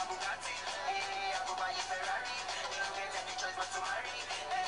a Bugatti. Hey, I go buy a Ferrari. don't get any choice but to marry.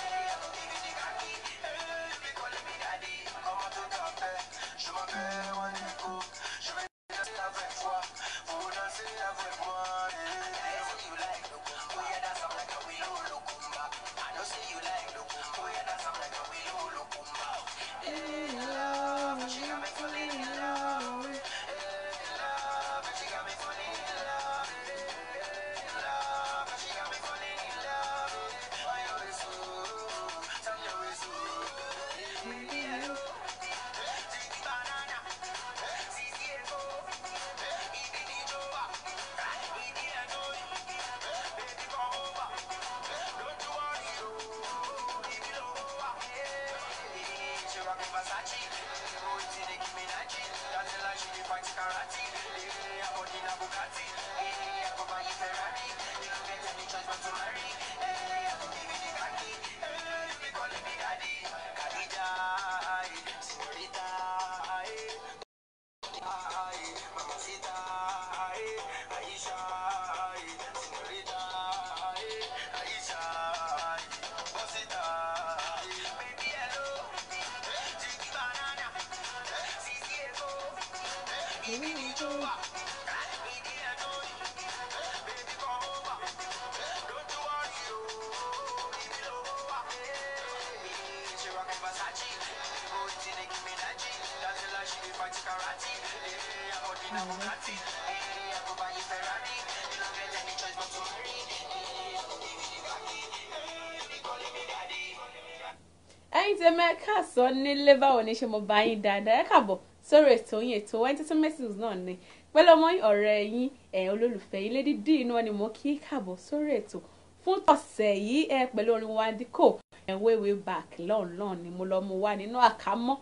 ẹ̀yin tí mẹ káàsán nílé báwo ni ṣe mo bá yín dáadáa ẹ káàbọ̀ sórí ètò yín ètò entertainment náà ni pẹ̀lú ọmọ yín ọ̀rẹ́ yín ẹ olólùfẹ́ yín Lady Dee inú wọn ni mo kí káàbọ̀ sórí ètò fún tọ̀sẹ̀ yìí ẹ pẹ̀lú orin wa díkò Eh, way way back lọ́nlọ́n ni mo lọ mo wà nínú àkámọ́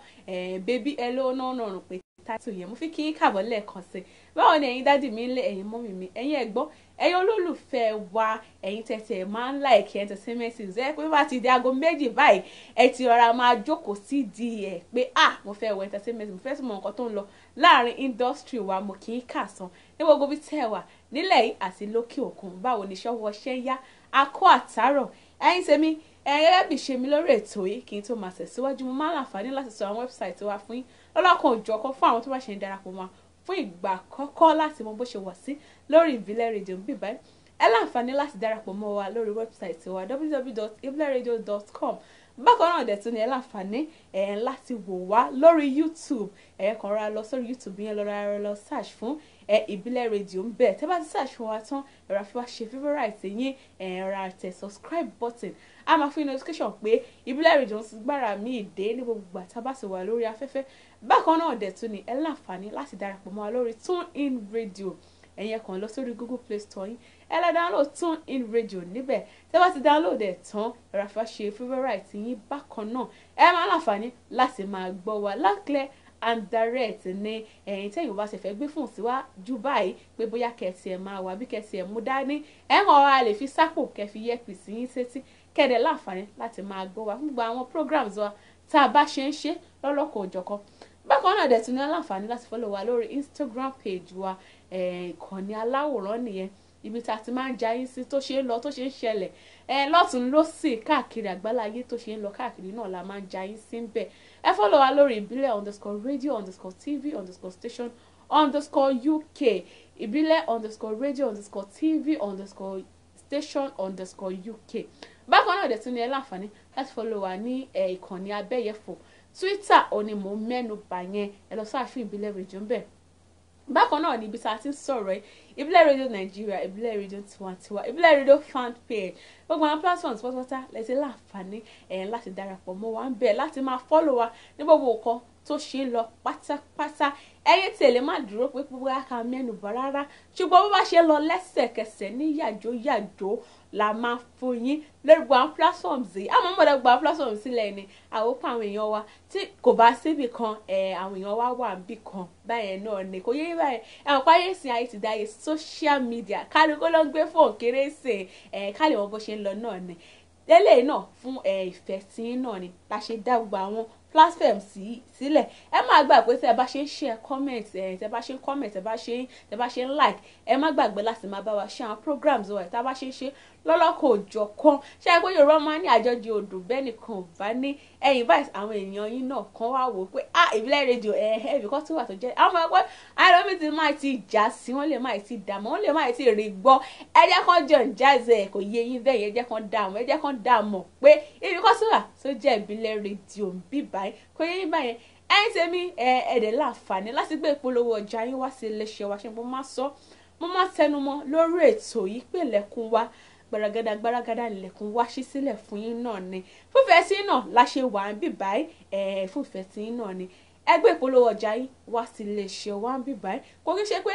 bébí ẹ ló náà rọrùn pé táìtù yẹn mo fi kí n kàbọ̀ lẹ́ẹ̀kan sí báwo ni ẹ̀yin dádì mi ń lé ẹ̀yin mọ́mì mi ẹ̀yin ẹ̀gbọ́n ẹ̀yin olólùfẹ́ wa ẹ̀yin tẹ̀tẹ̀ máa ń like entertainment ẹ̀ pé bá ti di aago méjì báyìí ẹ ti ọ̀rá máa jókòó sí di ẹ̀ pé ah mo fẹ́ wo entertainment mo fẹ́ sì mọ nǹkan tó ń lọ láàrin industry wa mo kì í kà sàn ní gbogbo bí tẹ́ wà nílẹ̀ yìí àti lókè òkun báwo ni ṣọ́wọ́ ṣe yá akó àtàrọ̀ ẹ̀yin tèmi ẹ gẹ́gẹ́ bí ṣe mi lórí ètò yìí kí n tó máa tẹ̀síwájú mo máa ń láǹfààní láti sọ àwọn wẹ́bsáìtì wa fún yín lọ́lọ́kan òjọ̀kan fún àwọn tó bá ṣe ń darapọ̀ mọ́ fún ìgbà àkọ́kọ́ láti mọ bó ṣe wà sí lórí ìbílẹ̀ rédíò ń bíbá ẹ láǹfààní láti darapọ̀ mọ́ wa lórí wẹ́bsáìtì wa www.ibileradio.com bákan náà dẹ̀ tún ni ẹ láǹfààní ẹ̀ láti wò wá lórí YouTube ẹ̀ kàn ra lọ sórí YouTube yẹn lọ́ra ẹ lọ search fún ẹ ìbílẹ̀ rédíò ń bẹ̀ tẹ́ bá ti search fún wa tán ẹ̀rọ àfiwá ṣe favourite yín ẹ̀rọ àtẹ̀ subscribe button a máa fún notification pé Ìbílẹ̀rí Johnson gbára mi ìdè ní gbogbo àtàbàṣe wà lórí afẹ́fẹ́ bákan náà dẹ̀ tún ni ẹ láǹfààní láti darapọ̀ mọ́ wa lórí tune in radio ẹ̀yin ẹ kàn lọ sórí Google Play Store yín ẹ download tune in radio níbẹ̀ tẹ́ bá ti download ẹ̀ tán ẹ̀rọ àfàṣe favourite yín bákan náà ẹ máa láǹfààní láti máa gbọ́ wa lákìlẹ̀ and direct ní ẹ̀yin tẹ́yin bá ṣe fẹ́ gbé fún tiwa ju báyìí pé bóyá kẹ̀sì ẹ̀ máa wà bí kẹ̀sì ẹ̀ mú dání ẹ̀ hàn ara lè fi sápò kẹ́ fi sí yín sétí kẹ́ẹ̀dẹ̀ láǹfààní láti máa gbọ́ wa gbogbo àwọn programs wa tá a bá ṣe ń ṣe lọ́lọ́kọ̀ òjọ̀kan bákan náà dẹ̀ ní aláǹfààní láti fọ́lọ̀ wa lórí Instagram page wa ìkànnì aláwòrán nìyẹn ibi tá a ti máa ń jayín sí tó ṣe ń lọ tó ṣe ń ṣẹlẹ̀ lọ́tún lọ́sì káàkiri àgbáláyé tó ṣe ń lọ káàkiri náà la máa ń jayín sí ń bẹ̀ ẹ fọ́lọ̀ wa lórí ìbílẹ̀ underscore radio underscore tv underscore station underscore uk ìbílẹ̀ underscore radio underscore tv underscore station underscore uk bákan náà dẹ̀ tún ní ẹ láǹfààní láti fọ́lọ̀ wá ní eh, ìkànnì abẹ́yẹ̀fọ́ Twitter òní mò ń mẹ́nu bà yẹn ẹ lọ sáàfin ìbílẹ̀ rèjò ń bẹ̀ bákan náà ni ibi tá a ti ń sọ̀rọ̀ ẹ ìbílẹ̀ rédíò nàìjíríà ìbílẹ̀ rédíò tiwantiwa ìbílẹ̀ rédíò fan page gbogbo àwọn platforms pátápátá lẹ́sẹ̀ láǹfààní ẹ̀yẹn eh, láti darapọ̀ mọ́ wa ń bẹ̀ láti máa fọ́lọ̀ wa ní gbogbo nǹkan tó ṣe lọ pátápátá ẹ̀yin tí èlé má dúró pé gbogbo àká mẹ́nu rárá ṣùgbọ́n bó bá ṣe lọ lẹ́sẹ̀kẹsẹ̀ ní yàjó la máa fún yín lórí gbogbo àwọn platforms yìí àmọ́ mọ̀dọ̀ gbogbo àwọn platforms sílẹ̀ ni àwòkọ́ àwọn èèyàn wa tí kò bá síbì kan àwọn èèyàn wa wà níbì kan báyẹn náà ni kò yé báyẹn ẹ̀wọ̀n páyé ìsìn ayé ti dáyé social media kálukú ló ń gbé fóònù kéré sí kálí wọn bó ṣe ń lọ náà ni lélẹ̀ náà fún ìfẹ́ tí náà ni la ṣe dá gbogbo àwọn platform sí sílẹ̀ ẹ má gbàgbé tẹ bá ṣe ń share comment ẹ tẹ bá ṣe ń comment tẹ bá ṣe ń like ẹ má gbàgbé láti máa bá wa share àwọn programs wa tá a bá ṣe ń ṣe lọ́lọ́kọ̀ òjọ̀ kan ṣé ẹ pé Yorùbá máa ń ní àjọjì odò bẹ́ẹ̀ nìkan ò bá ní ẹ̀yìn báyìí àwọn èèyàn yín náà kan wá wò ó pé ah ìbílẹ̀ rédíò ẹ̀ ẹ̀ bí kò tún wà tó jẹ́ àwọn ọmọ ẹgbẹ́ àìrọ́mí ti máa ti jà sí wọ́n lè máa ti dààmú wọ́n lè máa ti rí gbọ́ ẹ jẹ́ kan jọ ǹjáàzẹ̀ kò yé yín bẹ́ẹ̀ yẹn jẹ́ kan dààmú ẹ jẹ́ kan dààmú pé ibi kò tún wà tó jẹ́ ìbílẹ̀ rédíò ń bì báyìí kò yé yín báyẹn ẹ̀yin tèmi ẹ̀ẹ́dẹ̀ láǹfààní láti gbé ìpolówó ọjà yín wá sí iléeṣẹ́ wa mo máa sọ mo máa tẹnumọ́ gbaragada gbaragada nílẹ̀kùn wá ṣí sílẹ̀ fún yín náà ni fúnfẹ́ sí náà la ṣe wà ń bì báyìí ẹ̀ẹ́ fúnfẹ́ sí náà ni ẹgbẹ́ ìpolówó ọjà yín wá sí iléeṣẹ́ wa ń bì báyìí kò kí ṣe pé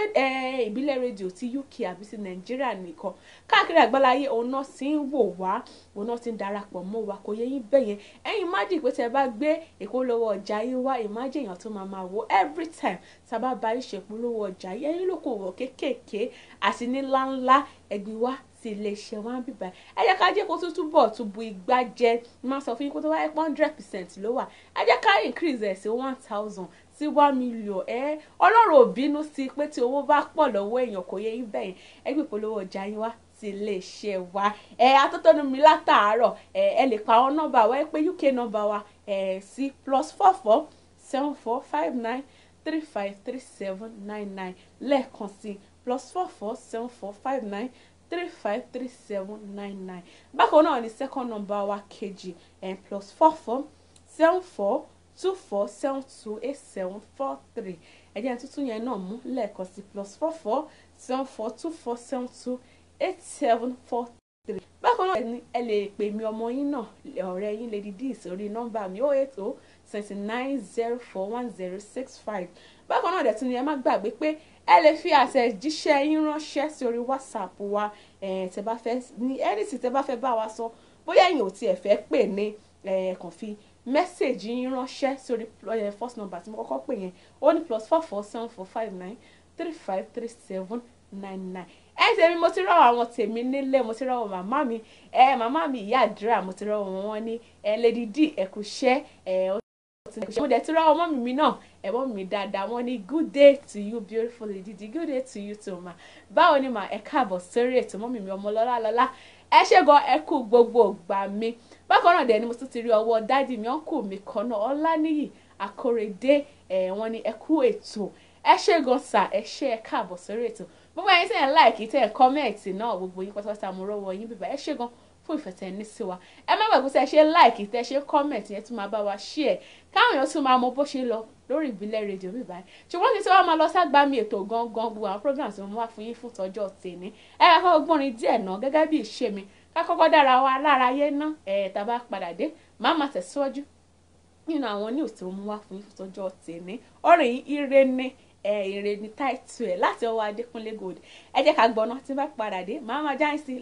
ìbílẹ̀ rédíò ti UK àbí ti Nàìjíríà nìkan káàkiri àgbáláyé òun náà ti ń wò wá òun náà ti ń darapọ̀ mọ́ wa kò yẹ yín bẹ́ẹ̀ yẹn má dì pé tẹ́ bá gbé ìpolówó ọjà yín wá ìmájì èèyàn tó máa máa wo every time tá a bá ba ìṣèpolówó ọjà yín ẹ̀yin lókòwò kéékèèké àti ní ńláńlá ẹ̀gbin wá sí iléeṣẹ́ wa ń bíbá ẹ jẹ́ ká jẹ́ kó tún túbọ̀ túbu igbá jẹ́ máa sọ fún yín kó tó wá ẹ̀ hundred percent ló wà ẹ jẹ́ ká increase ẹ̀ sí one thousand sí one million ẹ ọlọ́run ò bínú sí pé tí owó bá pọ̀ lọ́wọ́ èèyàn kò yẹ yín bẹ́yìn ẹ gbé ìpolówó ọjà yín wá ti lè ṣe wá ẹ atótónu mi látàárọ̀ ẹ ẹ lè pa àwọn nọ́mbà wa ẹ pé uk nọ́mbà wa ẹ sí plus four four seven four five nine three five three seven nine nine lẹ́ẹ̀kan sí plus four four seven four five nine three five three seven nine nine bákan náà ni second number wa kejì and eh, plus four four seven four two four seven two eight seven four three ẹ̀jẹ̀ tuntun yẹn náà mú lẹ́ẹ̀kan sí plus four four seven four two four seven two eight seven four three bákan náà ni ẹ lè pè mí ọmọ yín náà ọ̀rẹ́ yín lè dìdí ìsòrí nọ́mbà mi oh eight oh twenty nine zero four one zero six five bákan náà dẹ̀ tún ni ẹ má gbàgbé pé ẹ lè fi àtẹ̀jíṣẹ́ yín ránṣẹ́ sí orí whatsapp wa tẹ bá fẹ́ ní anything tẹ bá fẹ́ bá wa sọ bóyá ẹ̀yin ò tiẹ̀ fẹ́ pè ní kàn fi mẹ́sẹ̀gì yín ránṣẹ́ sí orí first number tí mo kọ́kọ́ pè yẹn ó ní plus four four seven four five nine three five three seven nine nine ẹ tèmi mo ti rọwọ àwọn tèmi nílé mo ti rọwọ màmá mi ẹ màmá mi ìyá àdúrà mo ti rọwọ wọn ní ẹ lady d ẹ kú iṣẹ́ ẹ tí ṣe mo dẹ̀ ti rọ́ ọmọ mi náà ẹ̀wọ́n mi dáadáa wọ́n ní good day to you beautiful lady good day to you too ma báwo ni mà ẹ káàbọ̀ sórí ètò mọ́mì mi ọmọ lọ́lá lọ́lá ẹ ṣé gan ẹ kú gbogbo ìgbà mi bákan náà dẹ̀ ni mo tún ti rí ọwọ́ dádì mi ọ̀nkù mi kan náà ọláníyì akórèdé ẹ̀ wọ́n ní ẹ kú ètò ẹ ṣé gan sà ẹ ṣé ẹ káàbọ̀ sórí ètò gbogbo ẹ̀yin tẹ̀ ń láìkì tẹ̀ ń kọ́mẹ̀ǹtì náà gbogbo yín pátápátá mo rọ́wọ́ yín bíbá ẹ ṣé gan fún ìfẹ́ tẹ̀ ní sí wa ẹ má gbàgbé tẹ ṣe like tẹ ṣe comment yẹn tún máa bá wa share káwọn èèyàn tún máa mọ bó ṣe lọ lórí ìbílẹ̀ rédíò mi báyìí ṣùgbọ́n kí tí wọ́n máa lọ ságbá mi ètò gangan gbogbo àwọn program tí mo wá fún yín fún tọjọ́ tèmi ẹ ká kọ́kọ́ gbọ́nrin díẹ̀ náà gẹ́gẹ́ bí ìṣe mi ká kọ́kọ́ dára wa lára yé ná ẹ̀ tá a bá padà dé màá máa tẹ̀síwájú nínú àwọn news tí mo wá fún yín fún tọjọ́ tèmi orin ire ni èrè ní táìtù ẹ̀ láti ọwọ́ Adékúnlé Gold ẹ jẹ́ ká gbọ́ná tí bá padà dé màá máa jáìsí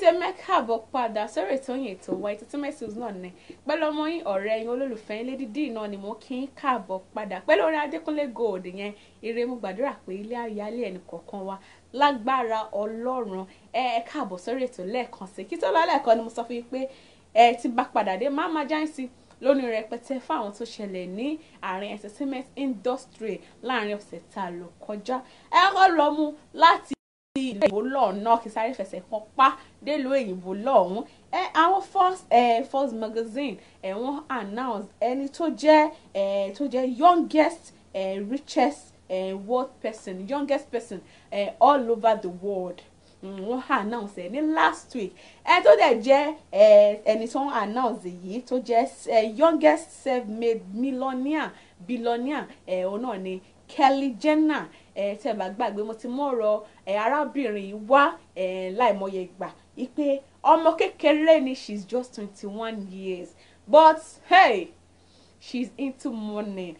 ṣe mẹ́kàbọ̀ padà sórí ètò yìí ètò wa entertainment news náà ni pẹ̀lú ọmọ yín ọ̀rẹ́ yín olólùfẹ́ yín Lady Dee náà ni mo kí ń kàbọ̀ padà pẹ̀lú orin Adékúnlé Gold yẹn ire mo gbàdúrà pé ilé ayálé ẹnì kọ̀ọ̀kan wa lágbára Ọlọ́run ẹ ẹ kàbọ̀ sórí ètò lẹ́ẹ̀kan sí kí tó lọ lẹ́ẹ̀kan ni mo sọ fún yín pé ẹ ti bá padà dé má má jáìsì lónìí rẹpẹtẹ fáwọn tó ṣẹlẹ̀ ní àárín entertainment industry láàrin ọ̀sẹ̀ tá a lò kọjá ẹ kọ́ lọ mú láti òyìnbó lọ́hùn náà kí sáré fẹsẹ̀ kan pa délùú òyìnbó lọ́hùn ẹ àwọn first ẹ first magazine ẹ wọ́n announce ẹni tó jẹ́ ẹ tó jẹ́ youngest ẹ richest ẹ world person youngest person ẹ all over the world mm, wọ́n announce ẹ̀ ní last week ẹ tó dẹ̀ jẹ́ ẹni tó announce yìí tó jẹ́ youngest self-made millionaire billionaire ẹ̀ òun náà ni Kelly Jenner tẹ́ máa gbàgbé mo ti mú ọ̀rọ̀ arábìnrin wá láìmọye ìgbà ipe ọmọ kékeré ni she is just twenty one years but hey she is into money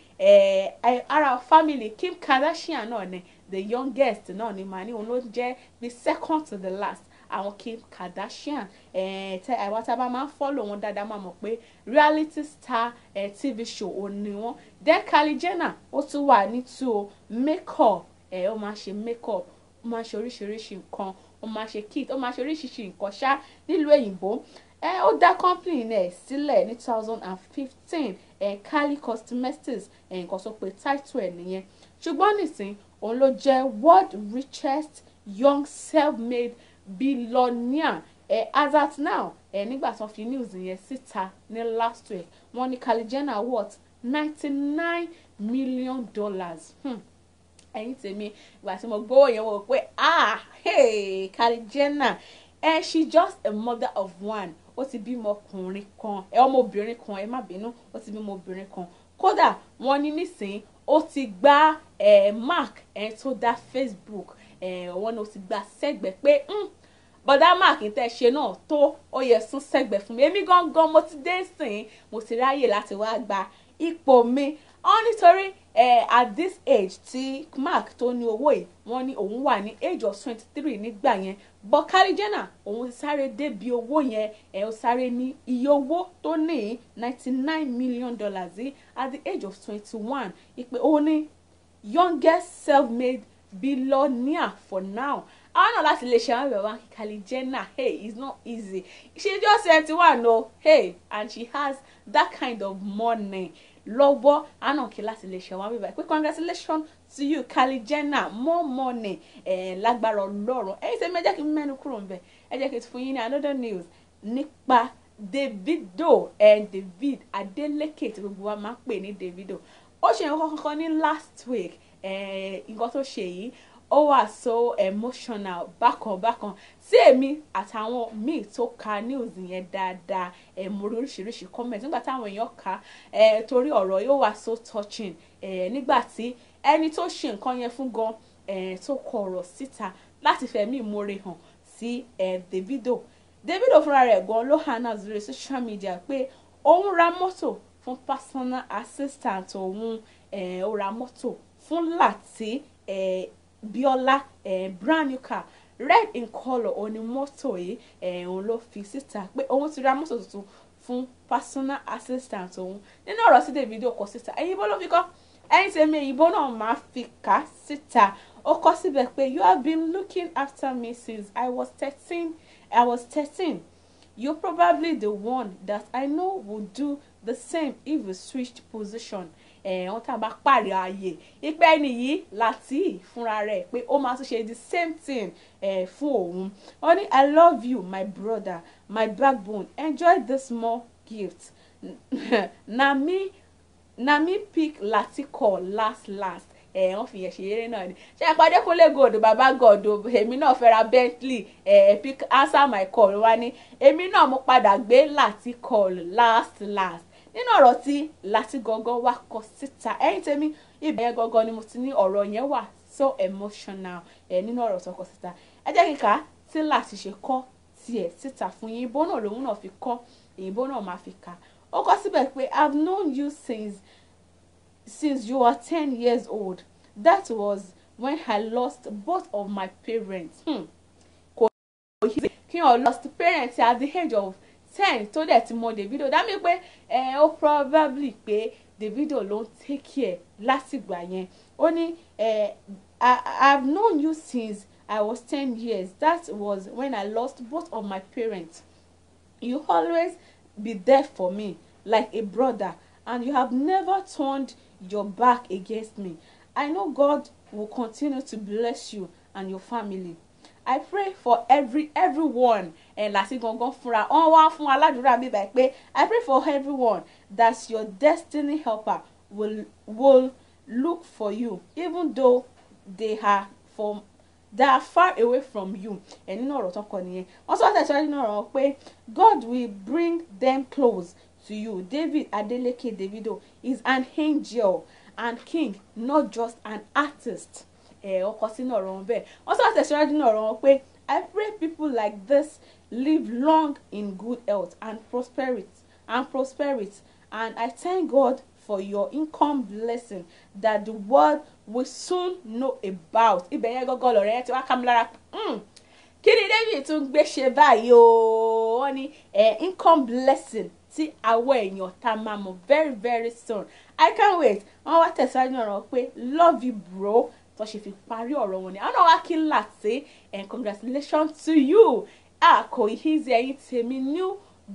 ara family Kim Kardashian náà ni the youngest náà ni màá ní òun ló jẹ́ the second to the last àwọn Kim Kardashian tẹ àwa tá a bá máa ń fọ́lọ̀ wọn dáadáa máa mọ̀ pé reality star TV show ò ní wọn then Kylie Jenner ó tún wà ní two makeup ẹ̀ ó máa ṣe makeup ó máa ṣe oríṣiríṣi nǹkan ó máa ṣe kit ó máa ṣe oríṣiríṣi nǹkan ṣá nílùú èyìnbó ẹ ó dá company náà sílẹ̀ ní two thousand and fifteen ẹ̀ Cali Cosmetics ẹ̀ nǹkan tó pe title ẹ̀ nìyẹn ṣùgbọ́n nísìn òun ló jẹ́ world richest young self-made billionaire ẹ as at now ẹ nígbà tí fi news yẹn síta ní last week wọ́n ní Kylie Jenner worth ninety nine million dollars. Hmm ẹ̀yin tèmi ìgbà tí mo gbówó yẹn wò pé ah hey Kylie Jenner ẹ eh, she just a mother of one ó ti bímọ ọkùnrin kan ẹ eh, ọmọbìnrin kan ẹ eh, má bínú ó ti bímọ obìnrin kan kódà wọ́n ní nísìnyí ó ti gba mark tó dá Facebook wọ́n ní ó ti gba sẹ́gbẹ̀ẹ́ pé hmm, bọ̀dá mark tẹ́ ṣe náà tó ó yẹ sún sẹ́gbẹ̀ẹ́ fún mi èmi gangan mo ti dé sìn mo ti ráyè láti wá gba ipò mi ọ nítorí eh, at this age tí Mark tó ní owó yìí wọ́n ní òun wà ní age of twenty three nígbà yẹn but Kylie Jenner òun sáré débi owó yẹn ẹ̀ ó sáré ní iye owó tó ní ninety nine million dollars yìí at the age of twenty one ìpè ó ní youngest self-made billionaire for now àwọn náà láti lè ṣe àwọn ìrẹ̀wá Kylie Jenner hey it's not easy she just twenty one o hey and she has that kind of money lọ́wọ́ anọ̀kí láti lè ṣẹ̀wá wíwá pé congratulations to you Kylie Jenner more money ẹ̀ lágbára ọlọ́run ẹ̀yin ṣe mẹ́jẹ́ kí n mẹ́nu kúrò ń bẹ̀ ẹ jẹ́ kí n fún yín ní another news nípa Davido ẹ̀ David Adeleke tí gbogbo wa máa ń pè ní Davido ó ṣe nǹkan kankan ní last week nǹkan tó ṣe yìí ó wà so emotional bákan bákan tí èmi àtàwọn míì tó ka news yẹn dáadáa ẹ̀ mo rí oríṣiríṣi comment nígbà táwọn èèyàn ka ẹ̀ torí ọ̀rọ̀ yóò wá so touching ẹ̀ nígbà tí ẹni tó ṣe nǹkan yẹn fún gan ẹ̀ tó kọ ọ̀rọ̀ síta láti fẹ̀mí ìmoore hàn sí ẹ̀ Davido Davido fúnra rẹ̀ gan ló hànà lórí social media pé òun ra mọ́tò fún personal assistant òun ẹ̀ ó ra mọ́tò fún láti ẹ̀ biola. ẹ̀ brand new car red in colour òun ni mọ́tò yìí eh, òun ló fi síta pé òun ti ra mọ́tò tuntun fún personal assistant òun nínú ọ̀rọ̀ sí Davido kọ síta èyìnbó ló fi kọ́ ẹ̀yìn tèmi èyìnbó náà máa fi kà síta ó kọ síbẹ̀ pé you have been looking after me since I was thirteen I was thirteen you're probably the one that I know would do the same if we switched position ẹ̀hán tá a bá pààrọ̀ ààyè ìpẹ́ nìyí láti fúnra rẹ̀ pé ó máa tún ṣe the same thing eh, fún òun ó ní i love you my brother my backbone enjoy this small gift na me na me pick lati call last last ẹ wọn fi yẹn ṣe eré náà ni ṣe ìpàdé kúnlé gòdò bàbá gòdò èmi náà fẹ́ ra bentley ẹ pick answer my call wá ní èmi náà mo padà gbé láti call last last nínú ọ̀rọ̀ tí Látìgangan wá kọ síta ẹ̀yìn tèmi ibẹ̀ yẹn gangan ni mo ti ní ọ̀rọ̀ yẹn wà so emotional ẹ̀ nínú ọ̀rọ̀ tó kọ síta ẹ jẹ́ kí n kà á tí láti ṣe kọ tiẹ̀ síta fún yín ìbò náà lòun náà fi kọ ìbò náà máa fi kà ó kọ síbẹ̀ pé have known you since since you were ten years old that was when I lost both of my parents. Hmm. kò yí kí n lost parents at the age of ten tó dẹ̀ ti mọ Davido dámi pé ẹ ó probably pé Davido ló ń take care látìgbà yẹn ó ní I have known you since I was ten years that was when I lost both of my parents you always be there for me like a brother and you have never turned your back against me I know God will continue to bless you and your family I pray for every everyone ẹ̀ làsí gangan fúnra wọn wá fún aládùúrà mi báyìí pé I pray for everyone that your destiny helper will will look for you even though they are from they are far away from you ẹ̀ nínú ọ̀rọ̀ tán kọ nìyẹn wọ́n sọ tẹ̀síwájú nínú ọ̀rọ̀ pé God will bring them close to you David Adeleke Davido is an angel and king not just an artist ọkọ sínú ọ̀rọ̀ wọn bẹ́ẹ̀ wọ́n sọ àtẹ̀síwájú nínú ọ̀rọ̀ wọn pé I pray people like this live long in good health and prosperity and prosperity and I thank God for your income blessing that the world will soon know about ibẹ̀ yẹn gọ́gọ́ lọ̀rẹ́ yẹn ti wá kámúlára hmm. kí ni david tún gbé ṣe báyìí o wọ́n income blessing tí àwọn èèyàn ta máa mọ̀ very very soon I can't wait wọ́n wá tẹ̀síwájú ọ̀rọ̀ pé love you bro tó ṣe fi parí ọ̀rọ̀ wọn ni àwọn náà kí n là sí and congratulations to you àkò ìhìnzì ẹ̀yìn tèmi new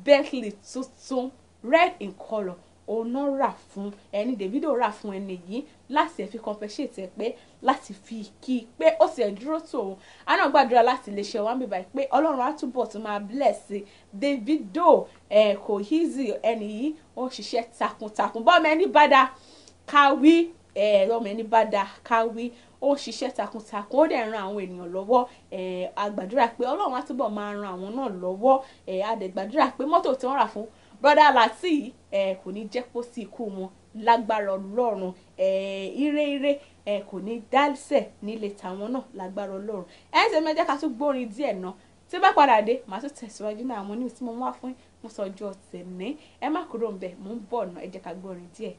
Bentley tuntun red in colour ọ̀nà rà fún ẹni Davido rà fún ẹni yìí láti ẹ̀ fi compensate ẹ̀ pé láti fi kí i pé ó sì ẹ̀ dúró tó òun àná gbàdúrà láti lè ṣe wọn bíbá pé ọlọ́run á túbọ̀ tó máa bless e. Davido ẹ̀ kò easy ẹni yìí ó ṣiṣẹ́ takuntakun bọ́ọ̀mù ẹni bá da káwí ẹ̀ ọmọ ẹni bá da káwí ó ń ṣiṣẹ́ takuntakun ó dẹ̀ ń ran àwọn ènìyàn lọ́wọ́ a gbàdúrà pé ọlọ́run á túbọ̀ máa ran àwọn náà lọ́wọ́ a dẹ̀ gbàdúrà pé mọ́tò tí wọ́n rà fún brother láti kò ní jẹ́ kó sí ikú wọn lágbára ọlọ́run ire ire kò ní dálsẹ̀ nílé tàwọn náà lágbára ọlọ́run ẹ̀ ṣe mẹ́jẹ́ ká tún gbórin díẹ̀ náà tí bá padà dé màá tún tẹ̀síwájú náà àwọn onímọ̀ tí mo wá fún mo sọ ọjọ́ tẹ̀lé ẹ má kúrò ń bẹ̀ mò ń bọ̀ ọ̀nà ẹ jẹ́ ká gbọ́rin díẹ̀.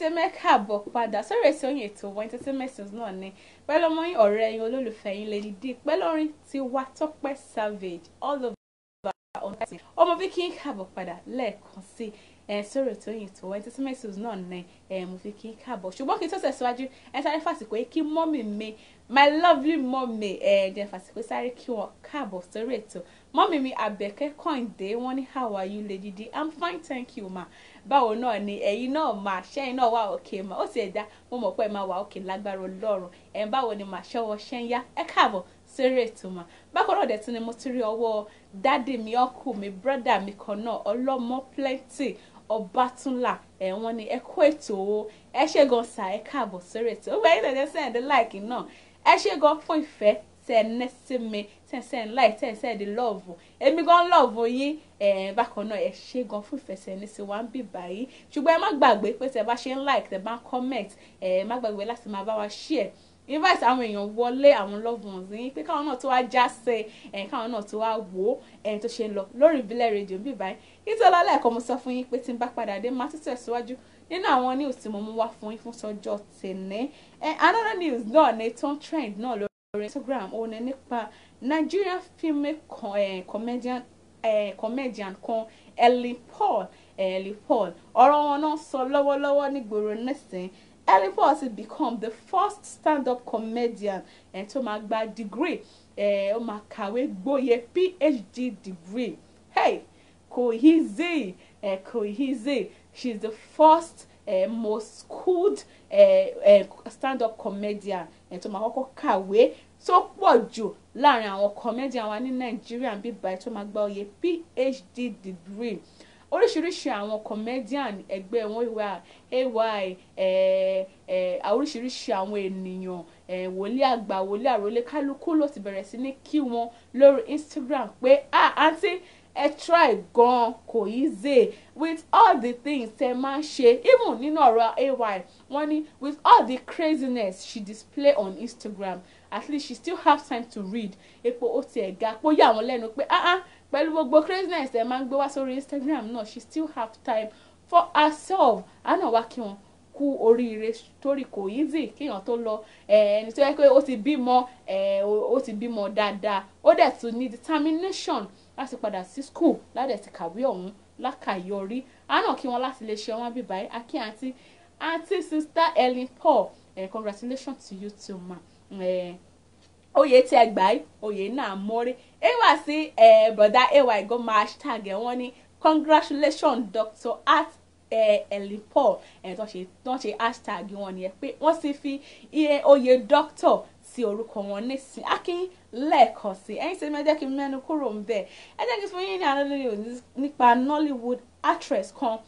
ṣe mẹ́ka bọ̀ padà sórí ètò yín ètò wọn entertainment news náà ni pẹ̀lú ọmọ yín ọ̀rẹ́ yín olólùfẹ́ yín Lady Dee pẹ̀lú orin Tiwa Tope Savage all over ọmọ bí kí n káàbọ̀ padà lẹ́ẹ̀kan sí ẹ sórí ètò yìí tó entertainment news náà ní ẹ mo fi kí n káàbọ̀ ṣùgbọ́n kí n tó tẹ̀síwájú ẹ sáré fàsìkò yìí kí mọ́mì mi my lovely mummy ẹ eh, jẹ́ fàsìkò sáré kí wọn káàbọ̀ sórí ètò mummy mi Àbẹ̀kẹ́ Kọ́ìndé wọ́n ní how are you lady di i'm fine thank you ma báwo náà ni ẹ̀yin náà mà ṣẹ́yìn náà wà òkè mà ó sì ẹ̀dá mo mọ̀ pé ẹ máa wà òkè lágbára Ọlọ́run ẹ̀ ń báwo ni mà ṣọ́wọ́ ṣẹ́yìn yá ẹ káàbọ̀ sórí ètò mà bákan náà dẹ̀ ni mo ti rí ọwọ́ dáàdì mi ọkù mi brọ́dà mi kan náà ọlọ́mọ plenty Ọbátúnlá ẹ wọ́n ní ẹ kó ètò o ẹ ṣe gan sa ẹ káàbọ̀ sórí ètò ó gbà yín lẹ́dẹ́sẹ̀ ẹ̀ dé láìkì náà ẹ ṣe gan fún ìfẹ́ tẹ ẹ ní sí mi tẹ ẹ sẹ́yìn láì tẹ ẹ sẹ́yìn di lọ́ọ̀bù èmi gan lọ́ọ̀bù yín bákan náà ẹ ṣe gan fún ìfẹ́ tẹ ẹ ní sí wa ń bì báyìí ṣùgbọ́n ẹ má gbàgbé pé tẹ bá ṣe ń like tẹ bá ń comment ẹ má gbàgbé láti máa bá wa share invite àwọn èèyàn wọlé àwọn love ones yín pé káwọn náà tó wá já sí ẹ káwọn náà tó wá wò ó ẹ tó ṣe lọ lórí ìbílẹ̀ rédíò ń bì báyìí nítorí ọlọ́lẹ̀ ẹ̀kọ́ mo sọ fún yín pé tí n bá padà dé má tún nínú àwọn news tí mo mú wá fún yín fún sọjọ́ tèmi another news náà ni tó ń trend náà lórí Instagram òun ni nípa Nigerian female comedian comedian kan Ellen Paul Ellen Paul ọ̀rọ̀ wọn náà sọ lọ́wọ́lọ́wọ́ nígboro nísìnyí Ellen Paul ti become the first stand-up comedian eh, tó máa gba degree eh, ó máa kàwé gboyè PhD degree hey kò easy eh, kò easy she is the first uh, most schooled uh, uh, stand-up comedian uh, tó máa kọ́kọ́ kàwé tó pọ̀ jù láàrin àwọn comedian wa ní nàìjíríà bí báyìí tó máa gba oyè phd degree oríṣiríṣi àwọn comedian ẹgbẹ́ wọn wà ay oríṣiríṣi àwọn ènìyàn wòlíì àgbà wòlíì àròlé kálukú ló ti bẹ̀rẹ̀ sí ní kí wọn lórí instagram pé ah àǹtí ẹ try gan kò easy with all the things ẹ máa ń ṣe even nínú ọ̀rọ̀ ay wọ́n ní with all the craziness she display on Instagram at least she still have time to read epo ó ti ẹ̀ ga pó yà wọ́n lẹ́nu pé ah ah pẹ̀lú gbogbo craziness ẹ máa ń gbé wá sórí Instagram náà she still have time for herself àná wá kí wọn kú oríire torí kò easy kéèyàn tó lọ eh, ẹni tó yẹ pé ó ti bímọ eh, ó ti bímọ dáadáa ó dẹ̀ tún ní determination a sì padà sí school ládẹ̀ ti kàwé ọ̀hún lákàyọrí a náà kí wọn láti lè ṣe wọn bí báyìí a kí àǹtí àǹtí sister Ellen Paul eh, congratulations to you too ma eh, oyè tí ẹ gbà yìí oyè náà mọ́rí ewa sí eh, broda ewa ìgò máa hashtag ẹ̀ wọ́n ní congratulations Dr. at eh, Ellen Paul ẹ eh, tó ṣe tó ṣe hashtag wọn nìyẹn pé wọ́n sì fi iye eh, oyè doctor ti orúkọ wọn nísìn akin lẹ́ẹ̀kan sí ẹ̀yin ṣe mẹ́jẹ́ kí n mẹ́nu kúrò ń bẹ̀ ẹ jẹ́ kí fún yín ní àlọ́lẹ́yìn nípa Nollywood actress kan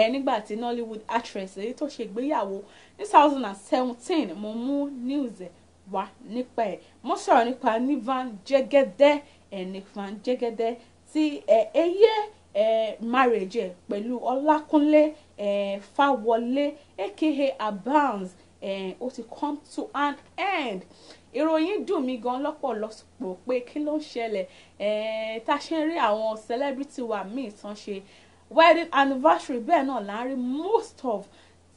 ẹ̀ nígbà tí Nollywood actress èyí tó ṣe ìgbéyàwó ní 2017 mo mú news ẹ̀ wá nípa ẹ̀ mo sọ̀rọ̀ nípa Nivan Jẹ́gẹ́dẹ́ ẹ̀ Nivan Jẹ́gẹ́dẹ́ tí ẹ̀ eyé eh, marriage ẹ pẹ̀lú Ọlákúnlé eh, Fáwọlé aka Abans Eh, ó ti come to an end ìròyìn dùn mí gan lọ́pọ̀lọpọ̀ pé kí ló ń ṣẹlẹ̀ eh, tá a ṣe ń rí àwọn celebrity wa míì tán ṣe wedding anniversary bẹ́ẹ̀ náà là ń rí most of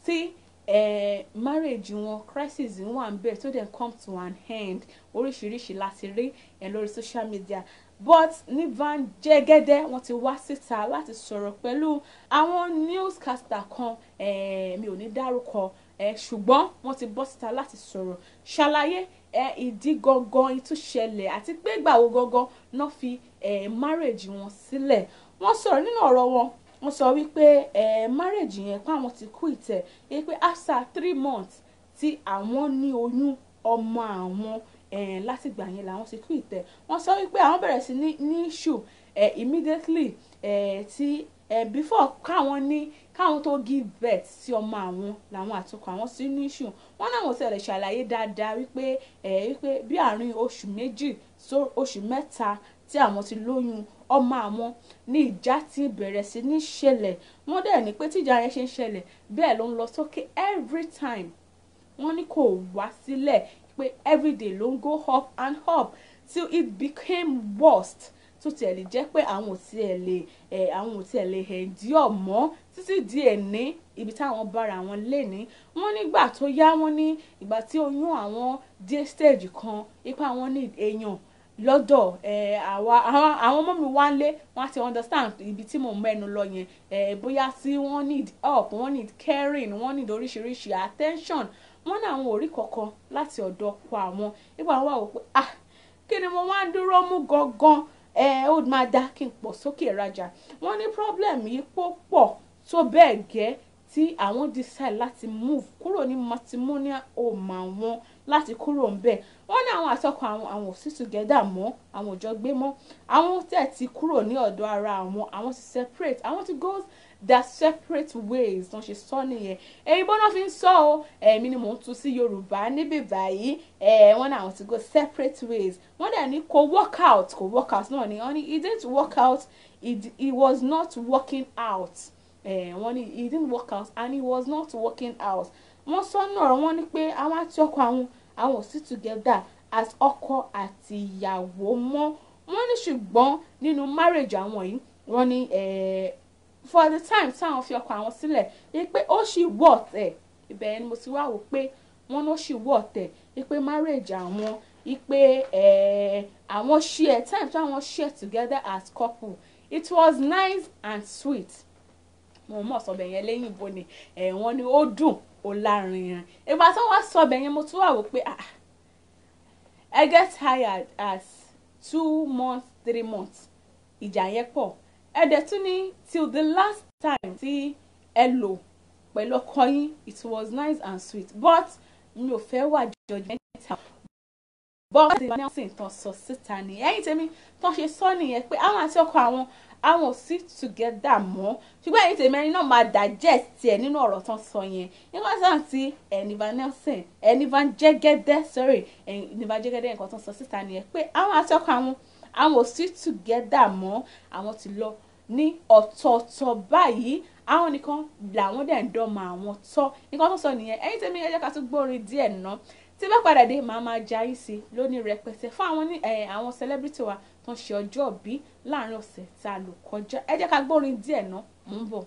ti eh, marriage wọn crisis wọn ń bẹ tó dẹ̀ come to an end oríṣiríṣi láti rí lórí social media but ní Van Jẹ́gẹ́dẹ́ wọ́n ti wá síta láti sọ̀rọ̀ pẹ̀lú àwọn newscaster kan mi ò ní dárúkọ ṣùgbọ́n wọ́n ti bọ́ síta láti sọ̀rọ̀ ṣàlàyé ìdí gangan ìtúṣẹlẹ̀ àti pé gbàwo gangan náà fi márèjì wọn sílẹ̀ wọ́n sọ̀rọ̀ nínú ọ̀rọ̀ wọn wọ́n sọ wípé márèjì yẹn páwọn ti kú ìtẹ̀ yẹ pé after three months tí àwọn ní oyún ọmọ àwọn látìgbà yẹn làwọn ti kú ìtẹ̀ wọ́n sọ wípé àwọn bẹ̀rẹ̀ sí ní issue immediately tí before káwọn ní káwọn tó give birth sí ọmọ àwọn làwọn àtọkọ àwọn sínú issue wọn náà wọn tẹ̀lé ṣàlàyé dáadáa wípé ẹ̀ wípé bí àárín oṣù méjì sí oṣù mẹ́ta tí àwọn ti lóyún ọmọ àwọn ní ìjà ti bẹ̀rẹ̀ sí ní ṣẹlẹ̀ wọ́n dẹ̀ ní pé tíjà yẹn ṣe ń ṣẹlẹ̀ bẹ́ẹ̀ ló ń lọ sókè every time wọ́n ní kò wá sílẹ̀ pé everyday ló ń go up and up till it became worst tó tiẹ̀ lè jẹ́ pé àwọn ò tiẹ̀ lè ẹ̀ àwọn ò tiẹ̀ lè ẹ̀ dí ọ̀mọ́ títí di ẹ̀ní ibi táwọn bára wọn lé ní wọ́n nígbà tó yá wọ́n ní ìgbà tí oyún àwọn dé stage kan ipa wọn ní èèyàn lọ́dọ̀ àwọn ọmọ mi wá lé wọ́n á ti understand ibi tí mò ń mẹ́nu lọ yẹn bóyá tí wọ́n need help wọ́n need caring wọ́n need oríṣiríṣi attention wọ́n ní àwọn òrí kankan láti ọ̀dọ̀ ọkọ àwọn nígbà wọn wà wò pé ah kí ni mo wá ń dúró mú gangan ẹ ó máa dá kí n pọ̀ sókè rajà wọ́n ní problem yìí pọ̀ pọ̀ tó bẹ́ẹ̀ gẹ́ tí àwọn decide láti move kúrò ní matrimonial home àwọn láti kúrò ń bẹ̀ wọ́n ní àwọn àtọkọ àwọn àwọn ò sí together mọ́ àwọn ò jọ gbé mọ́ àwọn tẹ̀ ti kúrò ní ọ̀dọ̀ ara àwọn àwọn ti separate àwọn ti goes that separate ways tán ṣe sọ nìyẹn èyí bọ́nà fi ń sọ o èmi ni mò ń tu sí yorùbá níbí báyìí wọ́n ní àwọn ti go separate ways wọ́n dẹ̀ ní kò work out kò work out náà ni wọ́n ní he didn't work out it, it was not working out wọ́n ní he didn't work out and he was not working out wọ́n sọ náà wọ́n ní pé àwọn àti ọkọ àwọn àwọn ò sí together as ọkọ àti ìyàwó mọ́ wọ́n ní ṣùgbọ́n nínú marriage àwọn yìí wọ́n ní for the time táwọn fi ọkọ̀ àwọn sílẹ̀ ẹ pé ó sì wọ̀ tẹ̀ ibẹ̀ ni mo ti wá wò pé wọ́n ló sì wọ̀ tẹ̀ ẹ pé marriage àwọn ipe eh, àwọn share time táwọn share together as couple it was nice and sweet mo mọ̀ sọ̀bẹ̀ yẹn lẹ́yìn ibo ni ẹ̀wọ̀n eh, ni ó dùn ó lárinrin ìgbà tó wá sọ̀bẹ̀ yẹn mo tún wà wò pé ah I get tired as two months three months ìjà yẹn pọ̀ ẹ̀dẹ̀ tún ní till the last time tí ẹ lò pẹ̀lú ọkọ yín it was nice and sweet but mi ò fẹ́ wà judgmental bọ́ọ̀lù àti nelson tán sọ síta ni ẹ̀yìn tèmi tán ṣe sọ nìyẹn pé àwọn àti ọkọ àwọn àwọn ò sí together mọ́ ṣùgbọ́n ẹ̀yìn tèmi ẹni náà máa digest ẹ̀ nínú ọ̀rọ̀ tán sọ yẹn nígbà tán ti ẹ̀nìvan nelson ẹ̀nìvan jẹ́gẹ́dẹ́ sorry ẹ̀nìvan jẹ́gẹ́dẹ́ nǹkan tán sọ síta nìyẹn pé àwọn àti ọkọ àwọn àwọn ò sí together mọ́ àwọn ti lọ ní ọ̀tọ̀ọ̀tọ̀ báyìí àwọn nìkan làwọn dẹ̀ ń dọ́mọ àwọn tọ́ nìkan tó sọ nìyẹn ẹ̀yin tèmi ẹ jẹ́ ká tún gbórin díẹ̀ ná tí bá padà dé màá máa jayé sí lónìí rẹpẹtẹ fún àwọn ní eh, àwọn celebrity wa tó ń ṣe ọjọ́ bí láàrin ọ̀sẹ̀ tá a lò kọjá ẹ jẹ́ ká gbórin díẹ̀ ná mò ń bọ̀.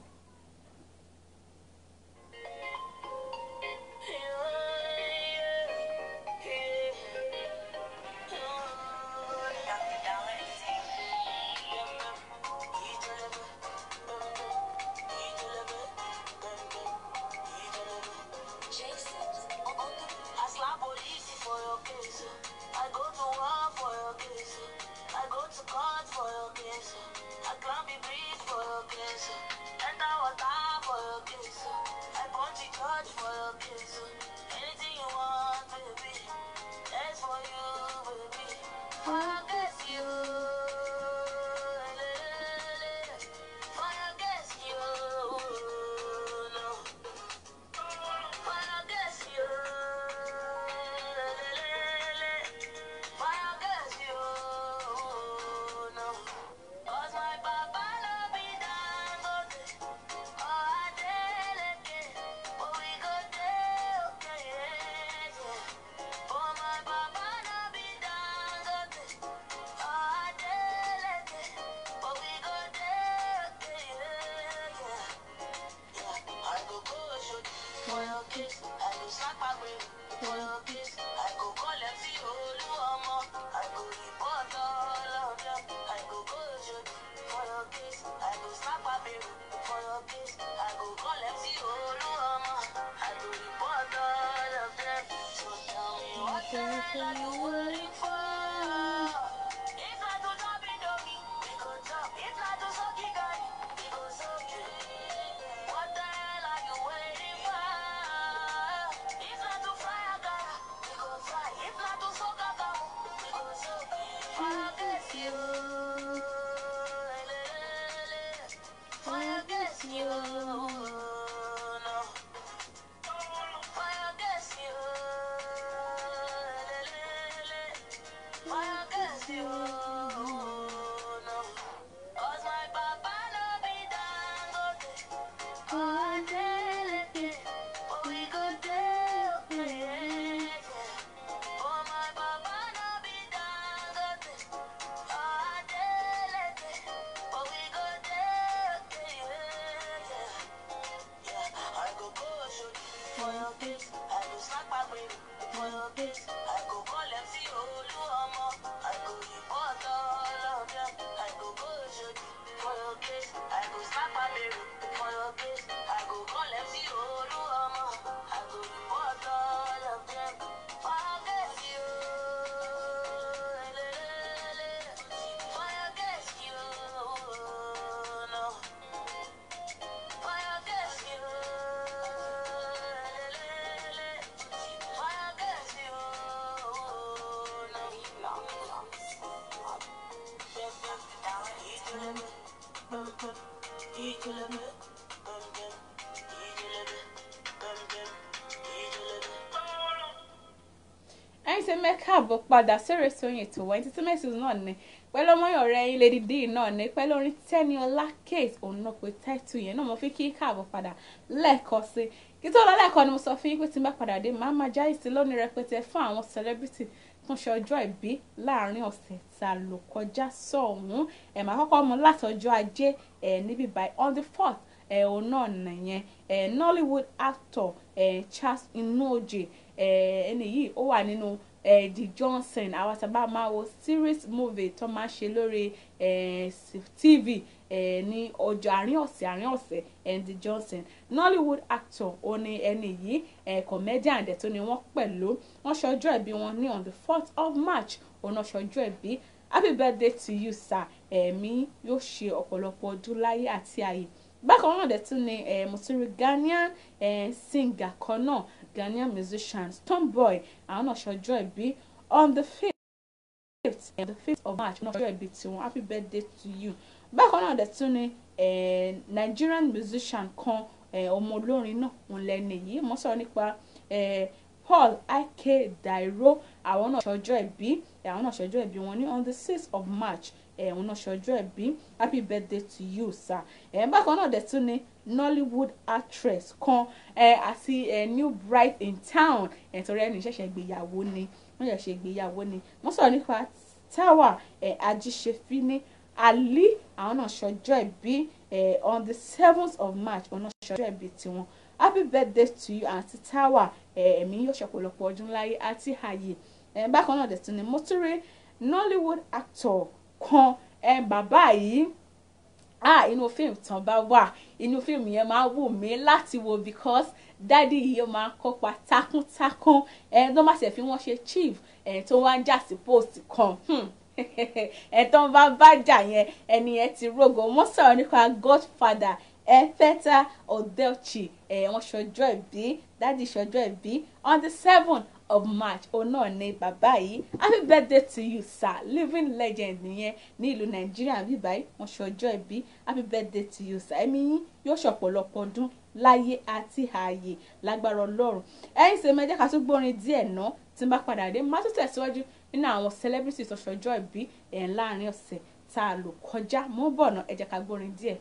I go snap at for your this, I go call MC Oluwa. ẹ káàbọ̀ padà sórí sóyìn ètò wa entertainment news náà ni pẹ̀lú ọmọ yàn rẹ̀ yín Lady Dee náà ni pẹ̀lú orin Tẹ́niọlá Kate òun náà pé tẹ́tù yẹn náà mo fi kí káàbọ̀ padà lẹ́ẹ̀kan sí kí tó lọ lẹ́ẹ̀kan ni mo sọ fún yín pé tí n bá padà dé màá máa jáde sí lónìí rẹpẹtẹ fún àwọn celebrity tó ń ṣe ọjọ́ ìbí láàrin ọ̀sẹ̀ ta ló kọjá sọ̀hún ẹ̀ máa kọ́kọ́ mú látọjọ́ ajé ẹ̀ níbí by on the fourth ẹ̀ òun náà nìyẹn ẹ̀ Nollywood actor ẹ̀ Charles Inúojì ẹ̀ ẹni yìí ó wà nínú Eddie Johnson àwa sábà máa wo series movie tó máa ṣe lórí eh, TV eh, ní ọjọ́ àárín ọ̀sẹ̀ àárín ọ̀sẹ̀ Eddie Johnson Nollywood actor oní ẹni yìí eh, comedian dẹ̀ tó ni wọ́n pẹ̀lú wọ́n ṣọjọ́ ẹ̀bí wọn ní on the fourth of March òun náà ẹ̀bí happy birthday to you sir ẹ̀mí yóò ṣe ọ̀pọ̀lọpọ̀ ọdún láyé àti àyè bákan náà dẹ̀ tún ni mo ti rí Ghanaian eh, singer kan náà Ghanaian musician Stonebwoy àwọn náà ṣọjọ́ ìbí on the fifth on eh, the fifth of March náà ṣọjọ́ ìbí tiwọn happy birthday to you bákan náà dẹ̀ tún ni eh, Nigerian musician kan ọmọ olórin náà òun lẹ́nu yìí mo sọ nípa Paul Ike Dairo àwọn náà ṣọjọ́ ìbí àwọn náà ṣọjọ́ ìbí wọn ní on the sixth of March ẹ̀hún eh, náà ṣọjọ́ ẹ̀bí happy birthday to you sir ẹ̀ eh, bákan náà dẹ̀ tún ni Nollywood actress kan ẹ̀ eh, àti ẹ̀ new bride in town ẹ̀ torí ẹni ṣẹ̀ṣẹ̀ gbéyàwó ni wọ́n ṣẹ̀ṣẹ̀ gbéyàwó ni wọ́n sọ̀rọ̀ nípa Tawa ẹ̀ Ajíṣefí ní Ali àwọn náà ṣọjọ́ ẹ̀bí ẹ̀ on the seventh of March òun náà ṣọjọ́ ẹ̀bí tiwọn happy birthday to you àti Tawa ẹ̀mí yóò ṣọ̀pọ̀lọpọ̀ ọdún láyé àti ààyè bákan náà dẹ̀ tún ni mo tún rí Nollywood actor kan um, bàbá yìí ah inú fíìmù tán bá wà inú fíìmù yẹn máa wù mí láti wo because dádì yìí máa kópa takuntakun ẹ̀ tó má ṣe fi wọ́n ṣe chief ẹ̀ tó wá ń jà sí post kan. Hmm ẹ̀tàn bá bàjà yẹn ẹni yẹn ti rògó wọ́n sọ̀rọ̀ nípa godfather Efeta Odelchi ẹ̀ wọ́n ṣọjọ́ ìbí dádì ṣọjọ́ ìbí on the seven of March òun náà ni bàbá yìí happy birthday to you sir living legend nìyẹn ní ìlú nàìjíríà bí báyìí wọ́n ṣe ọjọ́ ìbí happy birthday to you sir ẹ̀mí yín yóò ṣọ̀pọ̀lọpọ̀ ọdún láyé àti ààyè lágbára ọlọ́run ẹ̀yin ṣe mẹ́jẹ́ ká tún gbórin díẹ̀ ná tí n bá padà dé má tún tẹ̀síwájú nínú àwọn celebrities ọ̀ṣọ́jọ́ ìbí ẹ̀ láàrin ọ̀sẹ̀ tá a lò kọjá mọ́ bọ̀nà ẹ̀jẹ̀ ká gbórin díẹ̀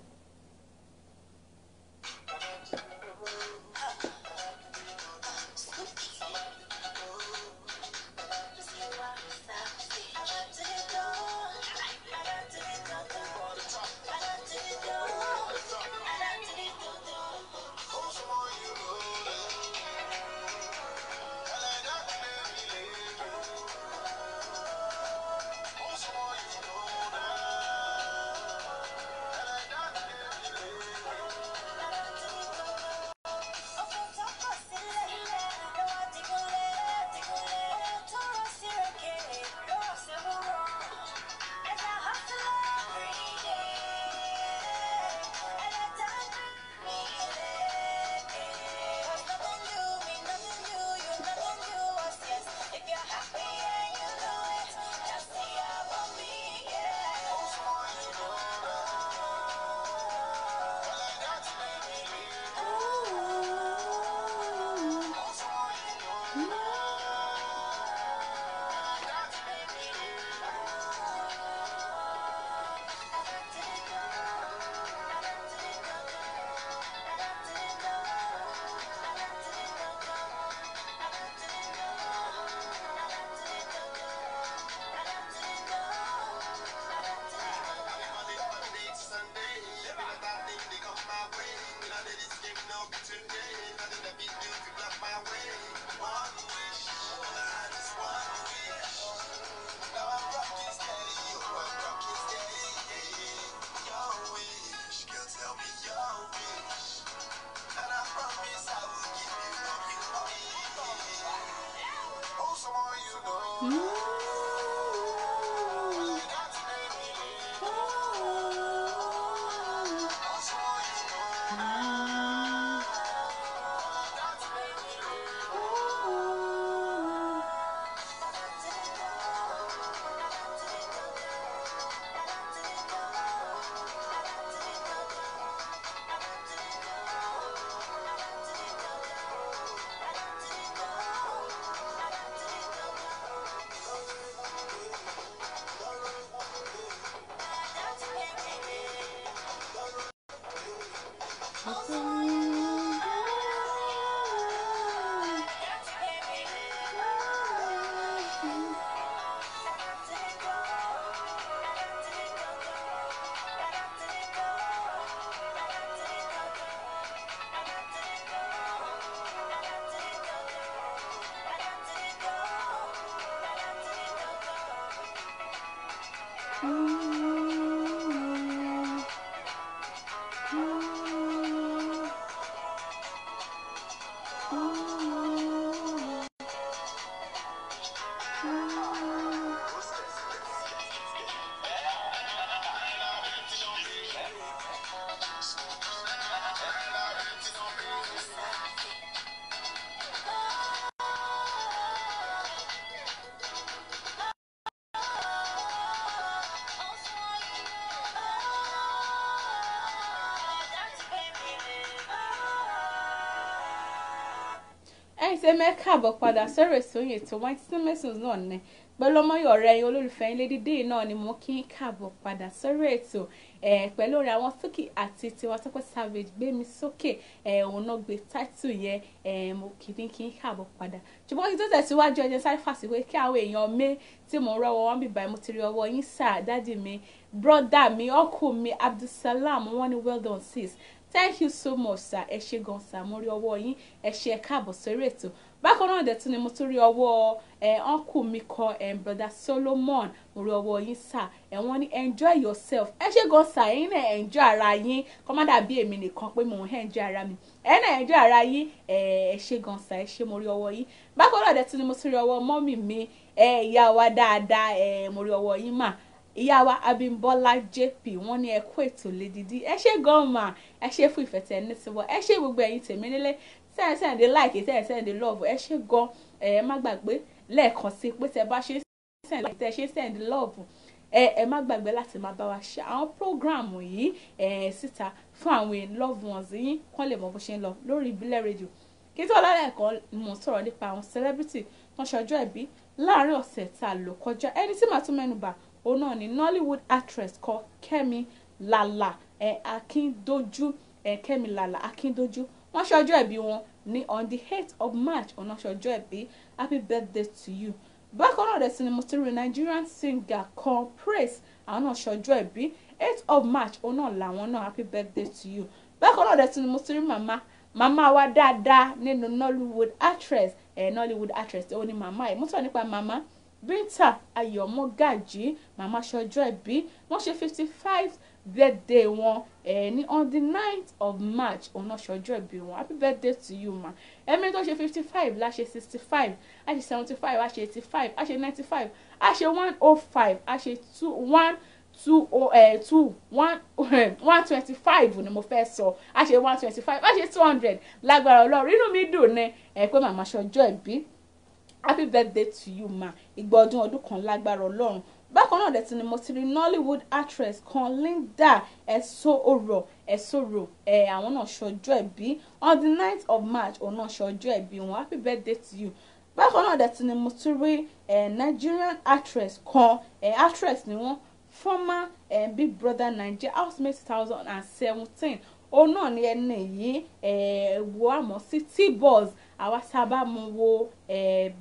today. True. sẹ́mẹ́ káàbọ̀ padà sọ̀rọ̀ ìsòyìn ètò Whitestone Lessons náà ní pẹ̀lú ọmọyọ̀ ọ̀rẹ́ yín olólùfẹ́ yín Lady Dee náà ni mo kí ń káàbọ̀ padà sọ̀rọ̀ ètò ẹ̀ pẹ̀lú orin àwọn sókè àti tiwa Tọ́pẹ́ Savage gbé mi sókè ẹ̀ òun náà gbé táìtù yẹn ẹ̀ mo kì í kí ń káàbọ̀ padà ṣùgbọ́n kí tó tẹ̀síwájú ẹ̀jẹ̀ sáré fàṣìwé kí àwọn èèyàn mé tí mò ń rọwọ́ wọn bíbá mo ti rí ọwọ́ yín sáà dádì mi brọ́dà mi ọkù mi Abdulsalam wọ́n ní well done sis thank you so much sir ẹ ṣe gan sir mo rí ọwọ́ yín ẹ ṣe ẹ káàbọ̀ sórí ètò bákan náà dẹ̀tún ni mo tún rí ọwọ́ ẹ uncle mi kan ẹ brother Solomon mo rí ọwọ́ yín sir ẹ wọ́n ní enjoy yourself ẹ ṣe gan sir ẹ̀yin náà enjoy ara yín kọ́mádà bí èmi nìkan pé mò ń enjoy ara mi ẹ̀yin náà enjoy ara yín ẹ ṣe gan sir ẹ ṣe mo rí ọwọ́ yín bákan náà dẹ̀tún ni mo tún rí ọwọ́ mọ́mì mi ẹ ìyá wa dáadáa ẹ mo rí ọwọ́ yín mà ìyá wa Abímbọ́lá JP wọ́n ní ẹ kú ètò lédìdí ẹ ṣe gọ́ọ̀mà ẹ ṣe fún ìfẹ́ tẹ̀ ní tiwọn ẹ ṣe gbogbo ẹ̀yin tèmi nílé sẹ́ẹ̀sẹ̀ǹdé láìkè sẹ́ẹ̀sẹ̀ǹdé lọ́ọ̀bù ẹ ṣe gan ẹ má gbàgbé lẹ́ẹ̀kan sí pé tẹ bá ṣe sẹ́ẹ̀sẹ̀ǹdé lọ́ọ̀bù ẹ ẹ má gbàgbé láti máa bá wa ṣe àwọn prógráàmù yìí ẹ síta fún àwọn lọ́ọ̀bù wọn sí yín kán lè mọ bó ṣe ń lọ lórí ìbílẹ̀ rédíò kí tó ọlọ́lẹ̀ kan mò ń sọ̀rọ̀ nípa àwọn sẹ́lẹ́bìtì òun náà ni Nollywood actress kọ Kẹ́mi Lálá ẹ̀ eh, Akíndójú ẹ̀ eh, Kẹ́mi Lálá Akíndójú wọ́n ṣọjọ́ ẹ̀bí wọn ní on the eight of March ọ̀nà ṣọjọ́ ẹ̀bí happy birthday to you bákan náà rẹ̀ sí ni mo ti rí Nigerian singer kan Praise àwọn náà ṣọjọ́ ẹ̀bí eight of March òun náà làwọn náà happy birthday to you bákan náà rẹ̀ sí ni mo ti rí màmá màmá wa dáadáa nínú Nollywood actress ẹ̀ eh, Nollywood actress ó ní màmá ẹ̀ mo sọ nípa màmá Binta Ayọ̀mọ́gájí, màmá sọ́jọ́ ìbí, wọ́n ṣe fifty five. birthday wọn eh, ní on the ninth of March ọ̀nà sọ́jọ́ ìbí wọn happy birthday to you ma ẹ̀mí tó ṣe 55 la ṣe five. a ṣe 75 a ṣe 85 a ṣe 95 a ṣe 105 a ṣe 1 two oh eh, two one one twenty five ni mo fẹ́ sọ a ṣe one twenty five a ṣe two hundred lágbára Ọlọ́run inú mi dùn ni ẹ pé màmá ṣọjọ́ ìbí happy birthday to you ma ìgbà ọdún ọdún kan lágbára ọlọ́run bákan náà dẹ̀tí ni mo ti rí nollywood actress kan linda esoro esoro ẹ̀ àwọn náà ṣọjọ́ ẹ̀bí on the night of march òun náà ṣọjọ́ ẹ̀bí wọn happy birthday to you bákan náà dẹ̀tí ni mo ti rí nigerian actress kan ẹ̀ actress ni wọ́n former eh, big brother nigeria housemate two thousand and seventeen òun náà ni ẹni yìí ẹ̀ wọ́n àmọ́ sí t-boss àwa tá a bá mu wo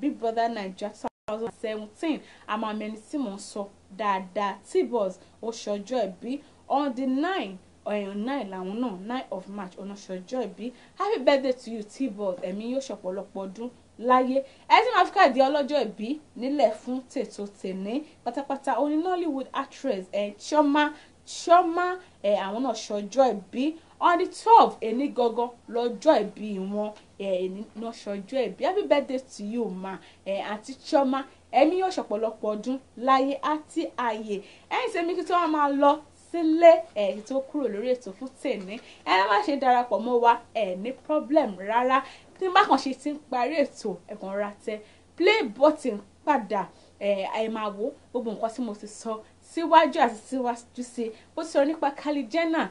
Big Brother Naija 2017 àmọ́ àmì ẹni tí mò ń sọ dáadáa T-Boss ó ṣọjọ́ on the nine ọ̀yàn eh, nine làwọn náà nine of March ọ̀nà ṣọjọ́ ìbí happy birthday to you Tibos. boss ẹ̀mí yóò ṣọ̀pọ̀lọpọ̀ ọdún láyé ẹtí máa fi káàdì ọlọ́jọ́ ìbí nílẹ̀ fún tètò tèní pátápátá oní Nollywood actress eh, Chioma Chioma eh, àwọn náà ṣọjọ́ ìbí on the twelve èní gangan lọ́jọ́ ìbí wọn náà ṣọjọ́ ẹ̀bí happy birthday to you ma àti Chioma ẹ̀mí yóò ṣọ̀pọ̀lọpọ̀ ọdún láyé àti ààyè ẹ̀yìn tèmi kí tó wá máa lọ sílé ẹ̀ tó kúrò lórí ètò fún tèmi ẹ má ṣe darapọ̀ mọ́ wa ẹ̀ ní problem rárá tí má kàn ṣe ti ń parí ètò ẹ̀kàn ra tẹ play button padà ẹ máa wo gbogbo nǹkan tí mo ti sọ síwájú àti síwájú sí i ó ti sọ nípa Kylie Jenner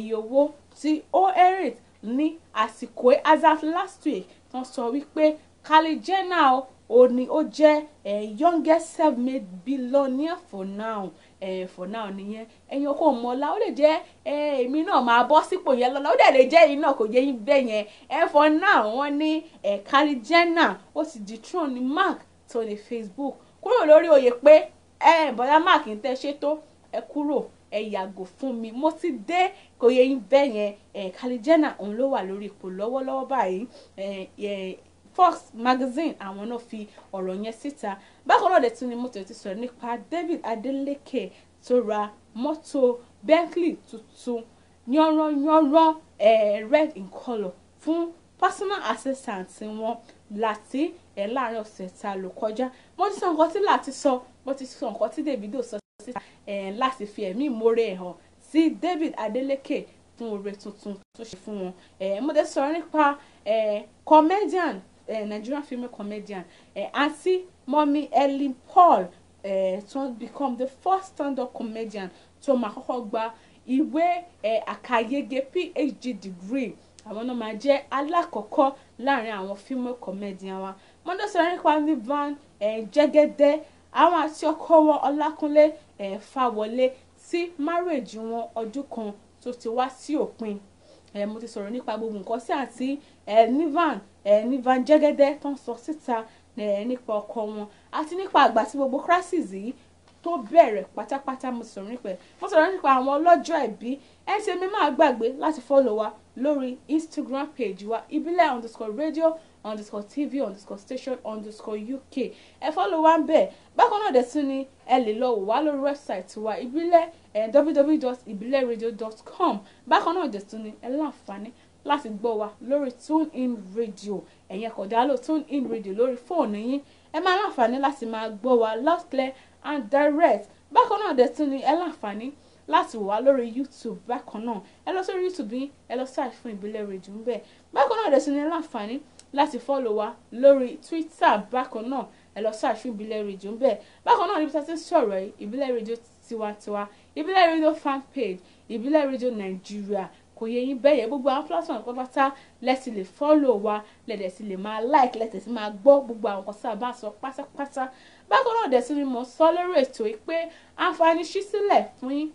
iye owó tí ó inherit ní àsìkò as last week tán sọ wípé Kylie Jenner ò ní ó jẹ́ eh, youngest self-made billionaire for now eh, for now nìyẹn ẹ̀yin kò mọ̀ ọ́la ó lè jẹ́ eh, èmi náà máa bọ́ sípò yẹn lọ́la ó dẹ̀ lè jẹ́ èyí náà kò yẹ yín bẹ́ẹ̀ yẹn eh, for now wọ́n ní eh, Kylie Jenner ó ti dethrone Mark tó ní Facebook kúrò lórí oyè pé eh, bọ́lá Mark ń tẹ́ ṣe tó ẹ kúrò ẹ yàgò fún mi mo ti dé kò yẹ yín bẹ́ẹ̀ yẹn eh, Kylie òun ló wà lórí ipò lọ́wọ́lọ́wọ́ báyìí Fox magazine àwọn náà fi ọ̀rọ̀ yẹn síta bákan náà dẹ̀ ni mo ti sọ̀rọ̀ nípa David Adeleke tó ra mọ́tò Bentley tuntun yánranyánran red in colour fún personal assistant wọn láti ẹ̀ láàrin ọ̀sẹ̀ ta ló kọjá mo ti sọ nǹkan tí láti sọ mo ti sọ nǹkan tí Davido sọ síta láti fi ẹ̀mí ìmoore hàn sí David Adeleke fún oore tuntun tó ṣe fún wọn. mo dé sọ̀rọ̀ nípa comedian Nigerian film comedian àti mọ́mí Ellen Paul tó become the first stand-up comedian tó máa kọ́kọ́ gba ìwé àkàyege PhD degree àwọn náà máa jẹ́ alákọ̀ọ́kọ́ láàrin àwọn film comedian wa mọ́dọ̀ sọ̀rọ̀ nípa Nivan jẹ́gẹ́dẹ́ àwọn àti ọkọ wọn Ọlákúnlé ẹ̀ Fáwọlé tí márèèjì wọn ọdún kan tó ti wá sí òpin ẹ mo ti sọ̀rọ̀ nípa gbogbo nǹkan sí àti ẹ nivan ẹ nivan jẹ́gẹ́dẹ́ tó ń sọ síta ẹ nípa ọkọ wọn àti nípa àgbà tí gbogbo crisis yìí tó bẹ̀rẹ̀ pátápátá mo ti sọ̀rọ̀ nípa ẹ̀ mo sọ̀rọ̀ nípa àwọn ọlọ́jọ́ ẹ̀bí ẹ ṣe mi máa gbàgbé láti fọ́lọ̀ wa lórí Instagram page wa ìbílẹ̀ underscore radio underscore tv underscore station underscore uk ẹ fọ́lọ́ wa ń bẹ̀ bákan náà dẹ̀ ni ẹ lè lọ wò lórí wẹ́bsáìtì wa ìbílẹ̀ www.ibileradio.com bákan náà dẹ̀ tún ni ẹ láǹfààní láti gbọ́ wa lórí tune in radio ẹ̀yẹn kò dá tune in radio lórí fóònù yín ẹ máa láǹfààní láti máa gbọ́ wa loud clear and direct bákan náà dẹ̀ tún ni ẹ láǹfààní láti wà lórí youtube bákan náà ẹ lọ sórí youtube yín ẹ lọ search fún ìbílẹ̀ rédíò ń bẹ̀ bákan náà dẹ̀ tún ní láǹfààní láti fọ́lọ̀ wa lórí Twitter bákan náà ẹ lọ search fún ìbílẹ̀ rédíò ń bẹ̀ bákan náà níbi tí a ti ń sọ̀rọ̀ yìí ìbílẹ̀ rédíò tiwantiwa ìbílẹ̀ rédíò fan page ìbílẹ̀ rédíò nàìjíríà kò yẹ yín bẹ́ẹ̀ yẹn gbogbo àwọn platform pátápátá lẹ́sìn lè fọ́lọ̀ wa lẹ́dẹ̀ sí lè máa like lẹ́sẹ̀ sí máa gbọ́ gbogbo àwọn kan sábà sọ pátápátá bákan náà dẹ̀ sí ni mo sọ lórí ètò yìí pé àǹfààní ṣí sílẹ̀ fún yín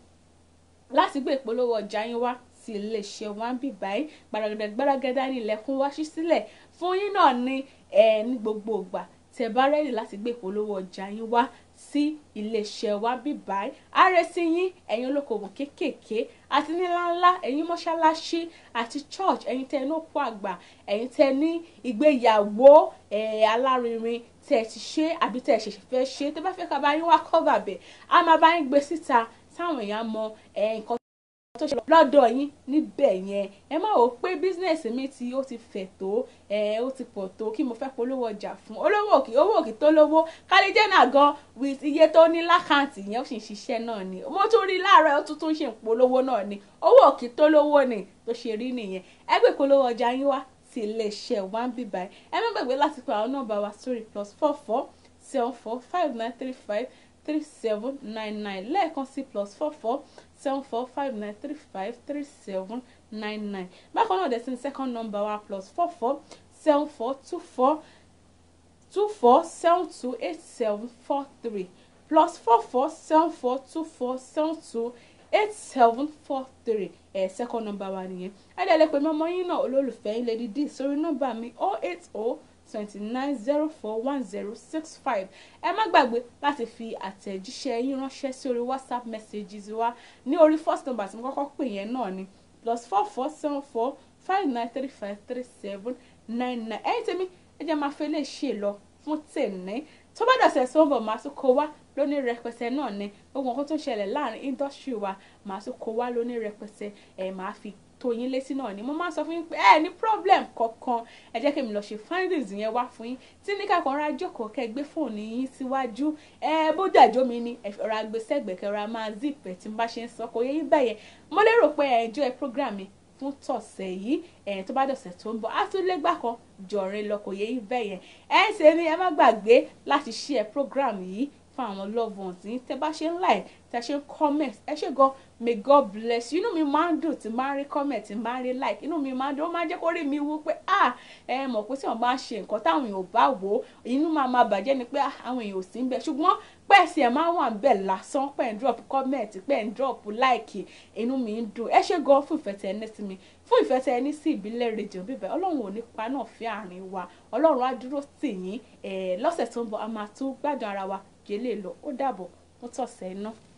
láti gbé ìpolówó ọjà yín wá sí iléeṣẹ́ wa ń bì báyìí gbàràgàdà gbàràgàdà ní ilẹ̀kùn wá ṣí sílẹ̀ fún yín náà ní ẹ ní gbogbo ìgbà tẹ́ bá rẹ́dì láti gbé ìpolówó ọjà yín wá sí iléeṣẹ́ wa bíbáyìí àrẹsí yín ẹ̀yin olókòwò kéékèèké àti níláńlá ẹ̀yin mọ́ṣáláṣí àti church ẹ̀yin tẹ́ ní òpó àgbà ẹ̀yin tẹ́ ní ìgbéyàwó alárinrin tẹ́ ti ṣe àbí tẹ́ ṣẹ̀ṣẹ̀ fẹ́ ṣe tẹ́ bá fẹ́ ká wá cover bẹ̀ a máa bá yín gbé síta táwọn èèyàn mọ nǹkan tó ṣe lọ́dọ̀ yín níbẹ̀ yẹn ẹ má wò ó pé bísínẹ́sì mi tí ó ti fẹ̀ tó ẹ ó ti pọ̀ tó kí mo fẹ́ polówó ọjà fún olówó òkè owó òkè tó lówó kálíjẹ́nà gan with iye tó ní lákàntì yẹn ó sì ń ṣiṣẹ́ náà ni mo tún rí láàárọ̀ ó tún tún ṣe ń polówó náà ni owó òkè tó lówó ni tó ṣe rí nìyẹn ẹ gbé polówó ọjà yín wá sí iléeṣẹ́ one bíbá ẹ má gbàgbé láti pa àwọn nọ́mbà wa sórí plus four four seven four five nine three five three seven nine nine lẹ́ẹ̀kan sí plus four four seven four five nine three five three seven nine nine bákan náà dẹ̀ second number one plus four four seven four two four two four seven two eight seven four three plus four four seven four two four seven two eight seven four three ẹ̀ eh, second number wa nìyẹn ẹ̀ dẹ̀ lè pè mọ́ ọmọ yín náà olólùfẹ́ yín lady d sórí nọ́mbà mi oh eight oh twenty nine zero four one zero six five ẹ má gbàgbé láti fi àtẹ̀jíṣẹ́ yín ránṣẹ́ sí orí whatsapp messages wa ní orí first number tí mo kọ́kọ́ pè yẹn náà ni plus four four seven four five nine three five three seven nine nine ẹ̀yin tèmi ẹ jẹ́ máa fẹ́ lè ṣe lọ fún tèmi tó bá dọ̀sẹ̀ sọ́nbọ̀ máa tún kó wá lóní rẹpẹtẹ náà ni gbogbo nǹkan tó ń ṣẹlẹ̀ láàrin indọ́sítírì wa máa tún kó wá lóní rẹpẹtẹ ẹ̀ máa fi tó yín létí náà ni mo máa ń sọ fún yín pé ẹ ní problem kankan ẹ jẹ́ kí mi lọ ṣe findings yẹn wá fún yín tí ní kankan ra jókòó kẹ́ gbé fóònù yín síwájú ẹ bó dàjọ́ mi ni ọ̀rọ̀ agbésẹ́gbẹ̀ kẹra máa zip ẹ̀ tí n bá ṣe ń sọ kò yẹ yín bẹ̀yẹ mo lérò pé ẹ enjoy program mi fún tọ̀sẹ̀ yìí ẹ̀yìn tó bá dọ̀sẹ̀ tó ń bọ̀ á tún lẹ́gbà kan jọ̀rin lọ kò yẹ yín bẹ̀yẹn ẹ̀ ṣe ni ẹ má gbàgbé láti share program yìí fún àwọn love ones yín tẹ́ bá ṣe ń like tẹ ṣe ń comment ẹ ṣe gan may God bless you inú mi máa ń dùn tí máa ń rí comment tí máa ń rí like inú mi máa ń dùn ó máa ń jẹ́ kó rí mi wú pé ah ẹ mọ̀ pé tí wọ́n bá ń ṣe nǹkan táwọn èèyàn ò bá wò ó inú máa máa bàjẹ́ ni pé ah, àwọn èèyàn ò sí ń bẹ ṣùgbọ́n pẹ́ẹ́sì ẹ̀ máa wà ń bẹ̀ lásán pẹ́ drop comment pẹ́ ń drop like inú mi ń dùn ẹ ṣe gan fún ìfẹ́ tẹ ẹ ní sí mi fún ìfẹ́ tẹ ẹ ní sí ìbílẹ̀ rédíò bíbẹ̀ ọlọ́run ò ní pa náà fi àárín wa ọlọ́run á dúró tì yín lọ́sẹ̀ tó ń bọ̀ a máa tún gbádùn ara wa jẹ́lẹ̀ lọ ó dàbọ̀ mo tọ̀sẹ̀ náà.